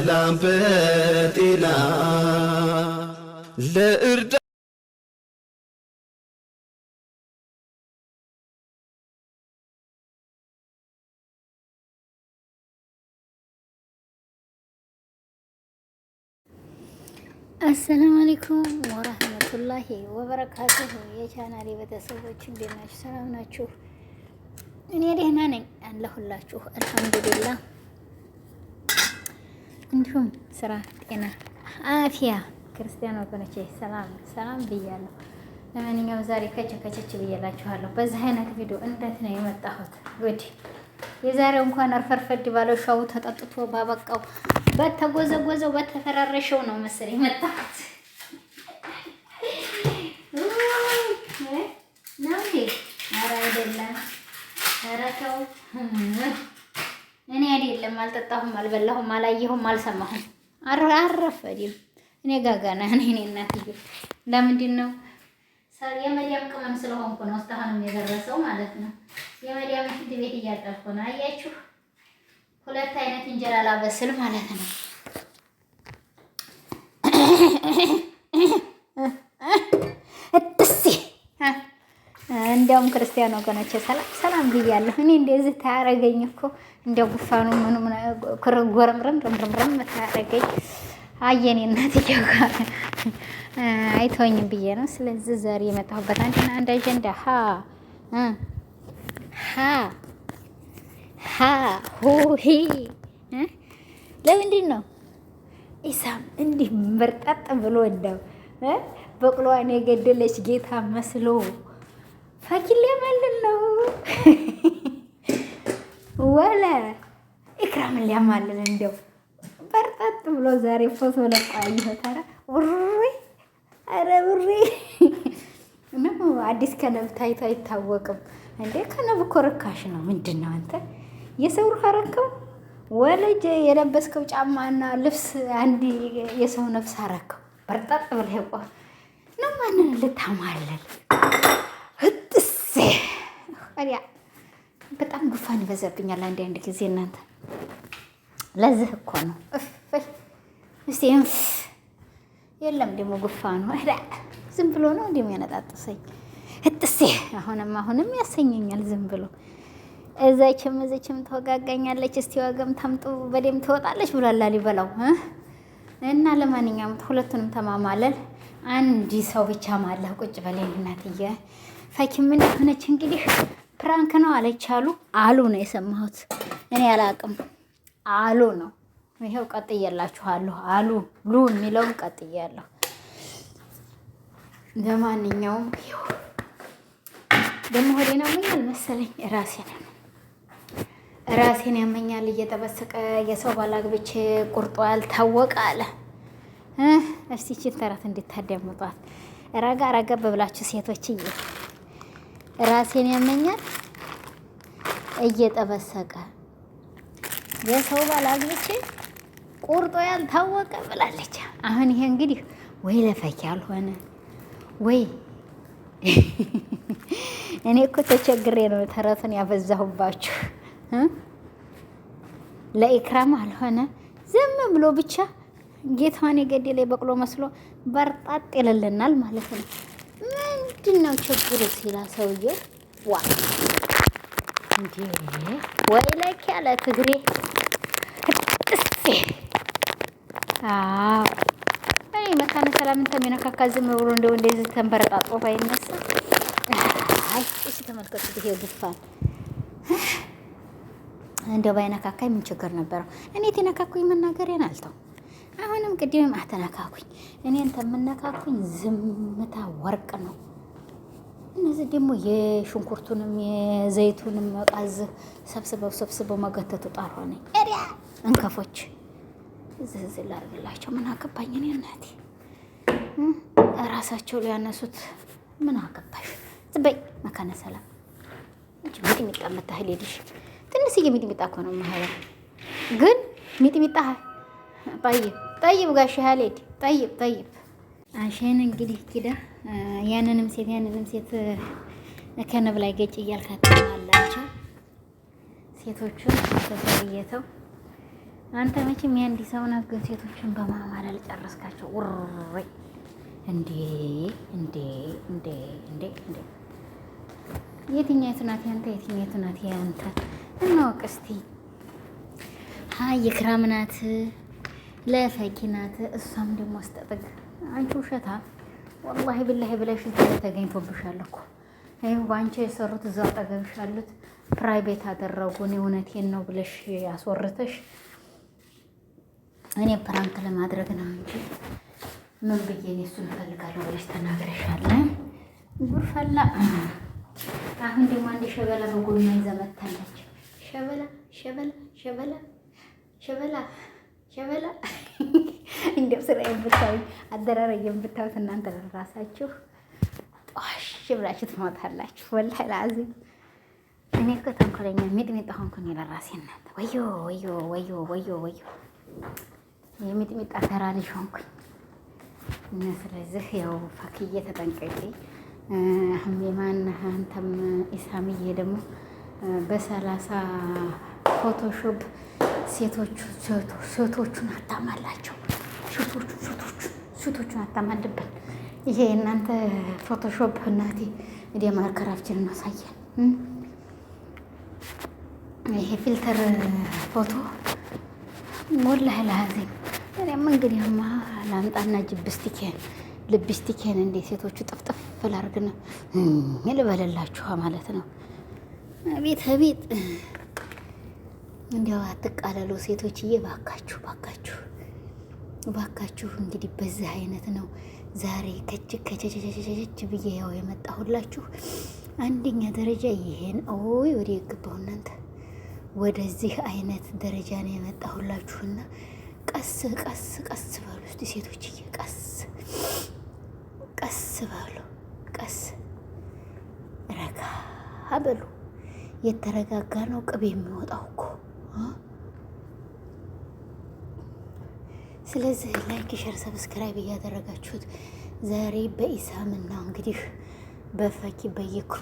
በሰላም በጤና ለእርዳ አሰላሙ አለይኩም ወራህመቱላሂ ወበረካቱሁ የቻናሌ ቤተሰቦች እንዴት ናችሁ? ሰላም ናችሁ? እኔ ደህና ነኝ አለሁላችሁ፣ አልሐምዱሊላህ እንዲሁም ስራ፣ ጤና፣ አፊያ ክርስቲያን ወገኖቼ ሰላም ሰላም ብያለሁ። ለማንኛውም ዛሬ ከቸ ከቸች ብያላችኋለሁ። በዚህ አይነት ቪዲዮ እንዴት ነው የመጣሁት? ጉድ የዛሬው እንኳን አርፈርፈድ ባለው ሻው ተጠጥቶ ባበቃው በተጎዘጎዘው በተፈራረሸው ነው መስል የመጣሁት። ኧረ አይደለም ኧረ ተው እኔ አይደለም አልጠጣሁም፣ አልበላሁም፣ አላየሁም፣ አልሰማሁም። አረፈድም እኔ ጋጋና እኔ እኔ እናትዬ ለምንድን ነው የመዲያም ቅመም ስለሆንኩ ነው እስካሁንም የደረሰው ማለት ነው። የመዲያም ሽንት ቤት እያጠብኩ ነው። አያችሁ ሁለት አይነት እንጀራ ላበስል ማለት ነው። እንዲያውም ክርስቲያን ወገኖች ሰላም ሰላም ብያለሁ። እኔ እንደዚህ ታያረገኝ እኮ እንደ ጉፋኑ ምኑ ጎረምረም ታያረገኝ። አየኔ እናት ጋር አይተወኝም ብዬ ነው። ስለዚህ ዛሬ የመጣሁበት አንድና አንድ አጀንዳ ሀ ሀ ሀ ሁ ሂ ለምንድን ነው ኢሳም እንዲህ መርጠጥ ብሎ እንደው በቅሎዋን የገደለች ጌታ መስሎ ፋኪሌ ማለት ነው ወለ ኢክራምን ሊያማልል እንደው በርጠጥ ብሎ ዛሬ ፎቶ ለቆ አየሁት። ኧረ ውሬ፣ ኧረ ውሬ አዲስ ከነብ ታይቶ አይታወቅም እንዴ! ከነብ እኮ ርካሽ ነው። ምንድን ነው አንተ የሰው አረከው ወለጅ የለበስከው ጫማና ልብስ አንድ የሰው ነፍስ አረከው። በርጠጥ ብለህ ቆፍ ነው ማንን ልታማለል ቀሪያ በጣም ጉፋን ይበዛብኛል አንድ አንድ ጊዜ እናንተ። ለዚህ እኮ ነው እስቲ እንፍ የለም ደግሞ ጉፋኑ ዝም ብሎ ነው እንዲህ ያነጣጥሰኝ እጥሴ። አሁንም አሁንም ያሰኘኛል ዝም ብሎ እዛችም እዛችም ተወጋጋኛለች። እስቲ ወገም ታምጡ በደም ትወጣለች ብሏል ላሊበላው እና ለማንኛውም ሁለቱንም ተማማለል። አንድ ሰው ብቻ ማለህ ቁጭ በላይ እናትዬ። ፈኪ ምን ሆነች እንግዲህ ፕራንክ ነው አለች አሉ አሉ ነው የሰማሁት። እኔ አላቅም አሉ ነው ይሄው ቀጥዬላችኋለሁ። አሉ ሉ የሚለውን ቀጥያለሁ። ለማንኛውም ደግሞ ሆዴን ያመኛል መሰለኝ ራሴን ራሴን ያመኛል። እየተበሰቀ የሰው ባላግብቼ ቁርጦ ያልታወቀ አለ። እስቲ ይህችን ተረት እንድታዳምጧት ረጋ ረጋ በብላችሁ ሴቶችዬ ራሴን ያመኛል እየጠበሰቀ የሰው ባል አግብቼ ቁርጦ ያልታወቀ ብላለች። አሁን ይሄ እንግዲህ ወይ ለፈኪ ያልሆነ ወይ እኔ እኮ ተቸግሬ ነው ተረቱን ያበዛሁባችሁ። ለኢክራም አልሆነ ዝም ብሎ ብቻ ጌታዋን የገደለ በቅሎ መስሎ በርጣጥ ይልልናል ማለት ነው። ምንድን ነው ችግር ሲላ ሰውየው ዋ እንዴ ወይ ለክ ያለ ትግሬ አዎ አይ መካነ ሰላምን ተሚነካካ ዝም ብሎ እንደው እንደዚህ ተንበረጣጥሮ ባይነሳ። አይ እሺ፣ ተመልከቱ ይሄ ጉፋን እንደው ባይነካካኝ ምን ችግር ነበረው? እኔ ተነካኩኝ፣ መናገሬን አልተው። አሁንም ቅድም አተነካኩኝ። እኔን ተምነካኩኝ፣ ዝምታ ወርቅ ነው። እነዚህ ደግሞ የሽንኩርቱንም የዘይቱንም መቃዝ ሰብስበው ሰብስበው መገተቱ ጣር ሆነ። እንከፎች እዚህ እዚህ ምን አገባኝ እኔ እናቴ፣ እራሳቸው ሊያነሱት ምን አገባሽ? ዝበይ መካነ ሰላም እጅ ሚጥሚጣ መታህል ሄድሽ ትንሽዬ ሚጥሚጣ እኮ ነው ማህበር ግን ሚጥሚጣ ጠይብ ጠይብ ጋሽ ያሌድ ጠይብ ጠይብ አሸን እንግዲህ ኪዳ ያንንም ሴት ያንንም ሴት ከንብ ላይ ገጭ እያልካተማላቸው ሴቶቹን ተሰብየተው አንተ መቼም የአንድ ሰው ናት፣ ግን ሴቶችን በማማለል ጨረስካቸው። ውሬ እንዴ እንዴ እንዴ እንዴ እንዴ! የትኛይቱ ናት ያንተ? የትኛይቱ ናት ያንተ? እናወቅ እስቲ። ሀ የክራም ናት፣ ለፈኪ ናት። እሷም ደግሞ አስጠጥግ አንቺ ውሸታ ወላሂ ብላሂ ብለሽ ተገኝቶብሻል እኮ ይኸው በአንቺ የሰሩት እዛው አጠገብሽ አሉት ፕራይቬት እኔ እውነቴን ነው ብለሽ ያስወርተሽ እኔ ፕራንክ ለማድረግ ነው እንጂ ምን ብዬ እኔ እሱን እፈልጋለሁ ብለሽ ተናግረሻል። ጉድ አሁን ደግሞ አንድ ሸበላ በጎኗ ይዛ መታለች። ሸበላ ሸበላ ሸበላ ሸበላ ሸበላ እንደው ስራዬን ብታዩኝ አደራረየን ብታዩት እናንተ ለራሳችሁ ጧሽ ብላችሁ ትሞታላችሁ። ወላሂ ለአዚም እኔ እኮ ተንኮለኛ ሚጥሚጣ ሆንኩኝ ለራሴ እናንተ። ወዮ ወዮ ወዮ ወዮ ወዮ የሚጥሚጣ ተራ ልጅ ሆንኩኝ። እና ስለዚህ ያው ፋክዬ ተጠንቀቂ። ህሜማን አንተም ኢሳምዬ ደግሞ በሰላሳ ፎቶሾፕ ሴቶቹ ሴቶቹን አታማላቸው። ሴቶቹ ሴቶቹ ሴቶቹን አታማልብን። ይሄ እናንተ ፎቶሾፕ እናቴ እዲ ማርከራፍችን ማሳየን ይሄ ፊልተር ፎቶ ወላሂ ለሀዜም እኔም እንግዲህማ ላምጣና ጅብስቲኬን ልብስቲኬን እንዴ ሴቶቹ ጥፍጥፍ ላርግ ነው ልበለላችኋ ማለት ነው። አቤት አቤት እንዲያው አትቃለሉ ሴቶችዬ፣ ባካችሁ ባካችሁ ባካችሁ። እንግዲህ በዚህ አይነት ነው ዛሬ ከች ከቸቸቸቸች ብዬ ያው የመጣሁላችሁ። አንደኛ ደረጃ ይሄን ኦይ ወደ የገባሁ እናንተ ወደዚህ አይነት ደረጃ ነው የመጣሁላችሁና ቀስ ቀስ ቀስ በሉ እስቲ ሴቶችዬ፣ ቀስ ቀስ በሉ ቀስ ረጋ በሉ። የተረጋጋ ነው ቅቤ የሚወጣው ስለዚህ ላይክ፣ ሸር፣ ሰብስክራይብ እያደረጋችሁት ዛሬ በኢሳምና እንግዲህ በፈኪ በየክሩ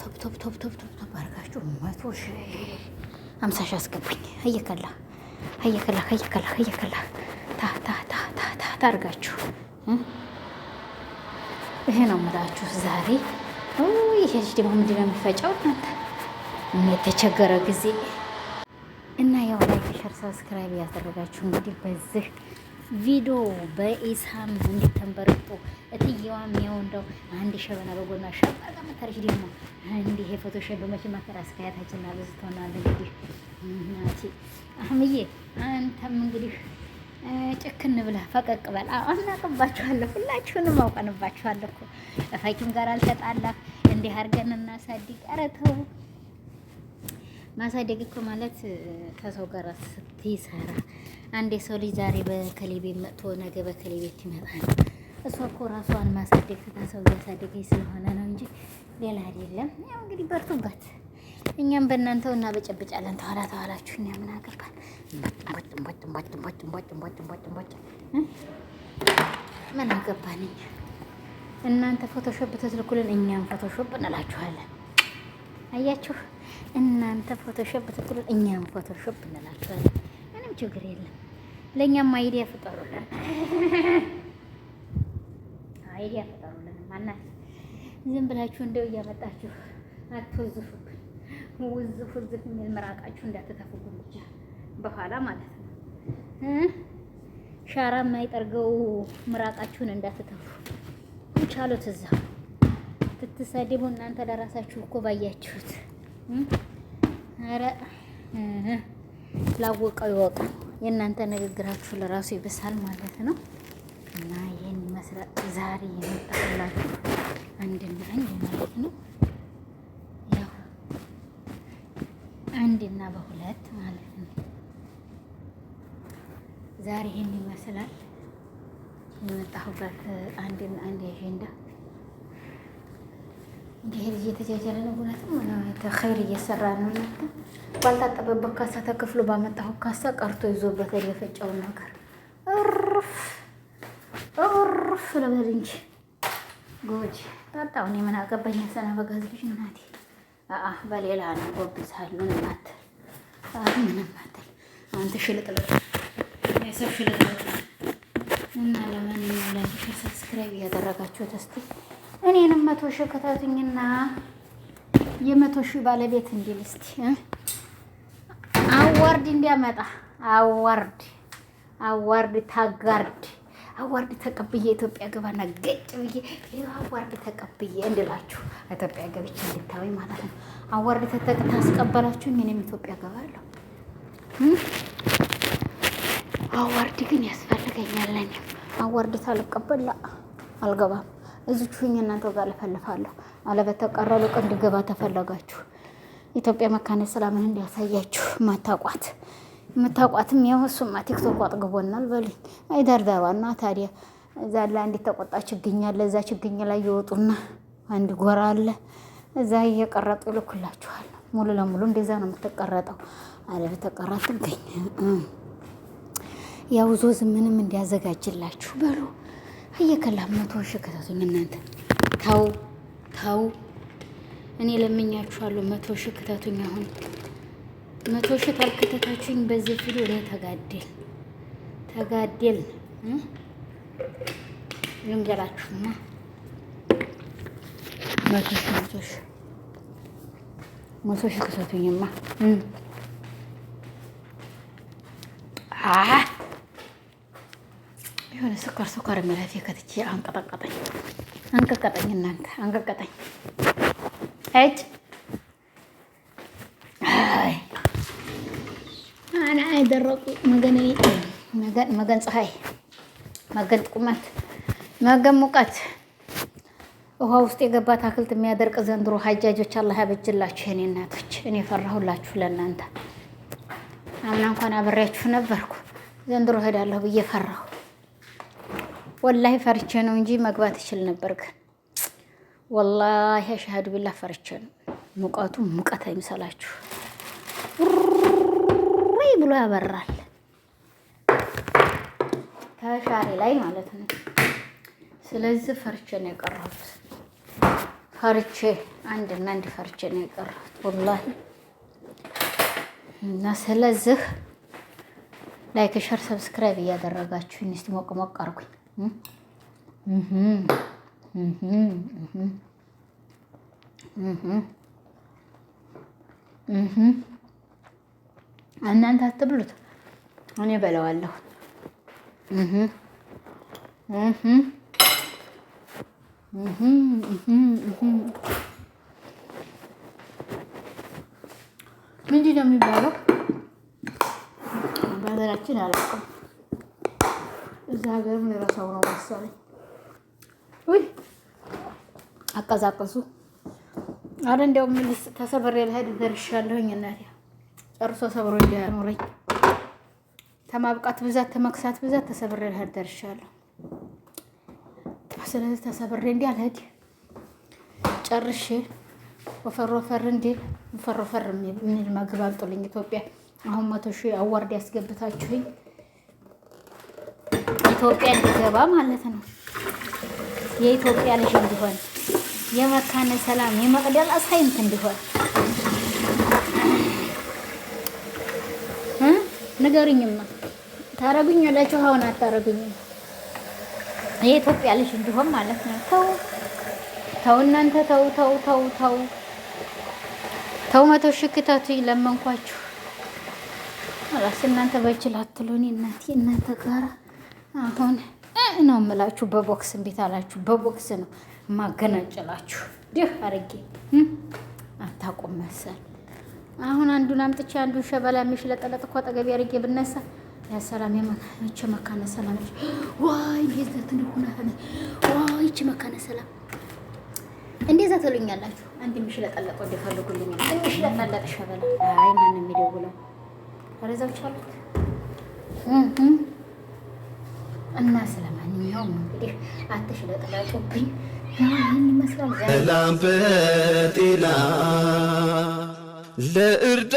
ቶፕ ቶፕ ቶፕ ቶፕ ቶፕ አድርጋችሁ መቶ አምሳ ሺህ አስገቡኝ። ሀየከላ ሀየከላ ሀየከላ ሀየከላ ታታታታታ አድርጋችሁ ይሄ ነው የምላችሁ ዛሬ። ይሄ ልጅ ደግሞ ምንድን ነው የሚፈጨው እናንተ የተቸገረ ጊዜ ሸር፣ ሰብስክራይብ ያደረጋችሁ እንግዲህ በዚህ ቪዲዮ በኢሳም እንዲተንበረጡ እትየዋ ያው እንደው አንድ ሸበና በጎና ሸበና መታረች ደግሞ እንዲህ የፎቶሾፕ በመቼ ማከራ አስተያየታችን እና በዝቶናል። እንግዲህ እናቲ አህምዬ አንተም እንግዲህ ጭክን ብላ ፈቀቅ በል። አናቅባችኋለሁ፣ ሁላችሁንም አውቀንባችኋለሁ እኮ እፈኪም ጋር አልተጣላ እንዲህ አድርገን እናሳድግ። ኧረ ተው ማሳደግ እኮ ማለት ከሰው ጋር ስትሰራ አንድ የሰው ልጅ ዛሬ በከሌ ቤት መጥቶ ነገ በከሌ ቤት ይመጣ ነው። እሷ እኮ ራሷን ማሳደግ ከሰው እያሳደገች ስለሆነ ነው እንጂ ሌላ አይደለም። ያው እንግዲህ በርቱባት፣ እኛም በእናንተው እናበጨብጫለን። ተኋላ ተኋላችሁ እኛ ምን አገባል? ምን አገባን እኛ። እናንተ ፎቶሾፕ ተትልኩልን፣ እኛም ፎቶሾፕ እንላችኋለን። አያችሁ እናንተ ፎቶሾፕ ብትጥሉ እኛም ፎቶሾፕ እንላችኋለን። ምንም ችግር የለም። ለእኛም አይዲያ ፍጠሩልን፣ አይዲያ ፍጠሩልን። ማናት ዝም ብላችሁ እንደው እያመጣችሁ አትወዝፉብን። ውዝፍ ውዝፍ የሚል ምራቃችሁ እንዳትተፉብን ብቻ በኋላ ማለት ነው ሻራ የማይጠርገው ምራቃችሁን እንዳትተፉ። ቻሉት እዛ ትትሳደቡ እናንተ ለራሳችሁ እኮ ባያችሁት ኧረ ላወቀው ይወቀው። የእናንተ ንግግራችሁ ለራሱ ይብሳል ማለት ነው። እና ይህን መስራት ዛሬ የመጣላችሁ አንድና አንድ ማለት ነው። ያው አንድና በሁለት ማለት ነው። ዛሬ ይህን ይመስላል የመጣሁበት አንድና አንድ አጀንዳ ይሄ ልጅ የተጃጀለ ነው። እውነትም ተኸይር እየሰራ ነው። እናንተ ባልታጠበበት ካሳ ተከፍሎ ባመጣሁ ካሳ ቀርቶ ይዞበት የፈጨውን ነገር እርፍ እርፍ ልበል እንጂ ጎጅ ጣጣው። እኔ ምን አገባኝ? ሰና በጋዝ ልጅ እናቴ አአ በሌላ ነው ጎብዛሉ እናት አሁን ምንም አትል አንተ ሽልጥልጥ የሰብ ሽልጥልጥ እና ለማንኛውም ላይክ ሰብስክራይብ እያደረጋችሁ ተስቲ እኔንም መቶ ሺህ ክተቱኝና የመቶ ሺህ ባለቤት እንዲል እስቲ አዋርድ እንዲያመጣ አዋርድ አዋርድ ታጋርድ አዋርድ ተቀብዬ ኢትዮጵያ ገባና ገጭ ብዬ አዋርድ ተቀብዬ እንድላችሁ ኢትዮጵያ ገብቼ እንድታወኝ ማለት ነው። አዋርድ ታስቀበላችሁ እኔም ኢትዮጵያ ገባለሁ። አዋርድ ግን ያስፈልገኛል። አዋርድ ታልቀበላ አልገባም። እዚች ሁኜ እናንተ ጋር ልፈልፋለሁ። አለበት ተቀረ ልቅ እንዲገባ ተፈለጋችሁ ኢትዮጵያ መካነ ሰላምን እንዲያሳያችሁ ማታቋት ምታቋትም ያው እሱማ ቲክቶክ አጥግቦናል በሉኝ። አይደርዳባና ታዲያ እዛ ላይ አንዲት ተቆጣ ችግኝ አለ። እዛ ችግኝ ላይ ይወጡና አንድ ጎራ አለ። እዛ እየቀረጡ ይልኩላችኋል። ሙሉ ለሙሉ እንደዛ ነው የምትቀረጠው። አለበት ተቀራ ትገኝ ያው ዞዝ ምንም እንዲያዘጋጅላችሁ በሉ እየከላ መቶ ሺህ ክተቱኝ እናንተ ተው ተው። እኔ ለምኛችኋለሁ መቶ ሺህ ክተቱኝ። አሁን መቶ ሺህ ታልክተታችሁኝ በዚህ ቪዲዮ ላይ ተጋደል ተጋደል ልንገራችሁማ መቶ ሺህ መቶ ሺህ መቶ ሺህ ክተቱኝማ ስኳር ስኳር የሚለፌ ከትቼ አንቀጠቀጠኝ አንቀጠቀጠኝ እናንተ አንቀጠቀጠኝ። እጭ አና ደረቁ መገን መገን መገን ፀሐይ መገን ቁመት መገን ሙቀት ውሃ ውስጥ የገባ አትክልት የሚያደርቅ ዘንድሮ ሀጃጆች አላህ ያበጅላችሁ የኔ እናቶች። እኔ ፈራሁላችሁ ለእናንተ። አምና እንኳን አብሬያችሁ ነበርኩ። ዘንድሮ ሄዳለሁ ብዬ ፈራሁ። ወላሂ ፈርቼ ነው እንጂ መግባት እችል ነበር። ግን ወላሂ አሽሀዱ ቢላህ ፈርቼ ነው። ሙቀቱ ሙቀት አይምሰላችሁ፣ ውይ ብሎ ያበራል ከሻሪ ላይ ማለት ነው። ስለዚህ ፈርቼ ነው የቀረሁት። ፈርቼ አንድ ፈርቼ ነው የቀረሁት ወላሂ እና ስለዚህ ላይክ ሸር ሰብስክራይብ እያደረጋችሁ እስቲ ሞቅ ሞቅ አርጉኝ። እናንተ አትብሉት፣ እኔ በለዋለሁ። ምንድን ነው የሚባለው? በሀገራችን አላውቅም። ሀገር ምን ረሳው ነው መሰለኝ። ውይ አቀዛቀዙ አረ እንዲያው ምልስ ተሰብሬ ልሄድ ደርሻለሁኝ። እናቴ ጨርሶ ሰብሮ እንዲያኖረኝ ተማብቃት ብዛት ተመክሳት ብዛት ተሰብሬ ልሄድ ደርሻለሁ። ስለዚህ ተሰብሬ እንዲህ አልሄድ ጨርሼ ወፈሮ ፈር እንዲል ወፈሮ ፈር የሚል ምግብ አምጡልኝ። ኢትዮጵያ አሁን መቶ ሺህ አዋርድ ያስገብታችሁኝ ኢትዮጵያ እንዲገባ ማለት ነው። የኢትዮጵያ ልጅ እንዲሆን የመካነ ሰላም የመቅደላ ሳይንት እንዲሆን ንገሩኝማ። ታረጉኝ አላችሁ፣ አሁን አታረጉኝም። የኢትዮጵያ ልጅ እንዲሆን ማለት ነው። ተው ተው፣ እናንተ ተው ተው ተው ተው ተው። መቶ ሺህ ክተቱ ለመንኳችሁ። ራስ እናንተ በችል አትሉኝ እናቴ እናንተ ጋራ አሁን ነው የምላችሁ። በቦክስ እንዴት አላችሁ? በቦክስ ነው ማገናጨላችሁ። ዲህ አርጌ አታቆም መሰል። አሁን አንዱን አምጥቼ አንዱን ሸበላ የሚሽለጠለጥ እኮ አጠገቤ አርጌ ብነሳ ያሰላም መቼ መካነ ሰላም ዋይ እንዴት ሁናነ ዋይ ይቺ መካነ ሰላም እንዴዛ ትሉኛላችሁ። አንድ የሚሽለጠለጥ እንደፈልጉልኝ የሚሽለጠለጥ ሸበላ አይ ማን የሚደውለው ረዛዎች አሉት እና ስለማንኛውም እንግዲህ አትሽለጥላጩብኝ። ይህን ይመስላል ጤና ለእርዳ